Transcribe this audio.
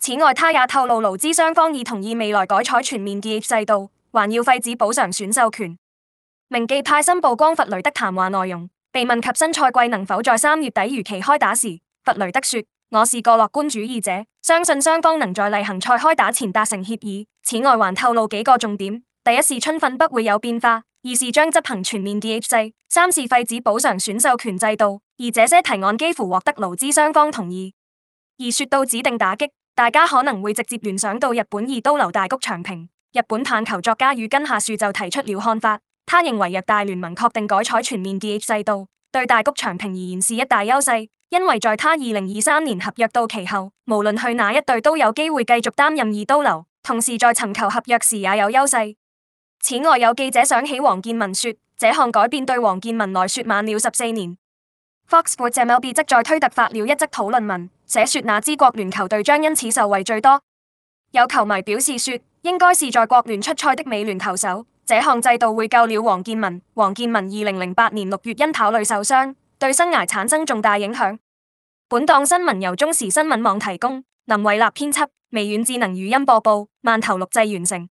此外，他也透露勞資雙方已同意未來改採全面 DH 制度，還要廢止補償選秀權。名記泰森曝光弗雷德談話內容，被問及新賽季能否在三月底如期開打時，弗雷德說：我是個樂觀主義者，相信雙方能在例行賽開打前達成協議。此外，還透露幾個重點：第一是春訓不會有變化；二是將執行全面 DH 制；三是廢止補償選秀權制度。而這些提案幾乎獲得勞資雙方同意。而說到指定打擊，大家可能會直接聯想到日本二刀流大谷翔平，日本棒球作家宇根下樹就提出了看法。他認為若大聯盟確定改採全面 DH 制度，對大谷翔平而言是一大優勢，因為在他二零二三年合約到期後，無論去哪一隊都有機會繼續擔任二刀流，同時在尋求合約時也有優勢。此外，有記者想起王建民說，這項改變對王建民來說晚了十四年。Fox Foot MLB 則在推特發了一則討論文。寫說哪支國聯球隊將因此受惠最多，有球迷表示說，應該是在國聯出賽的美聯投手，這項制度會救了王建民。王建民二零零八年六月因跑壘受傷，對生涯產生重大影響。本檔新聞由中時新聞網提供，林偉立編輯，微軟智能語音播報，曼頭錄製完成。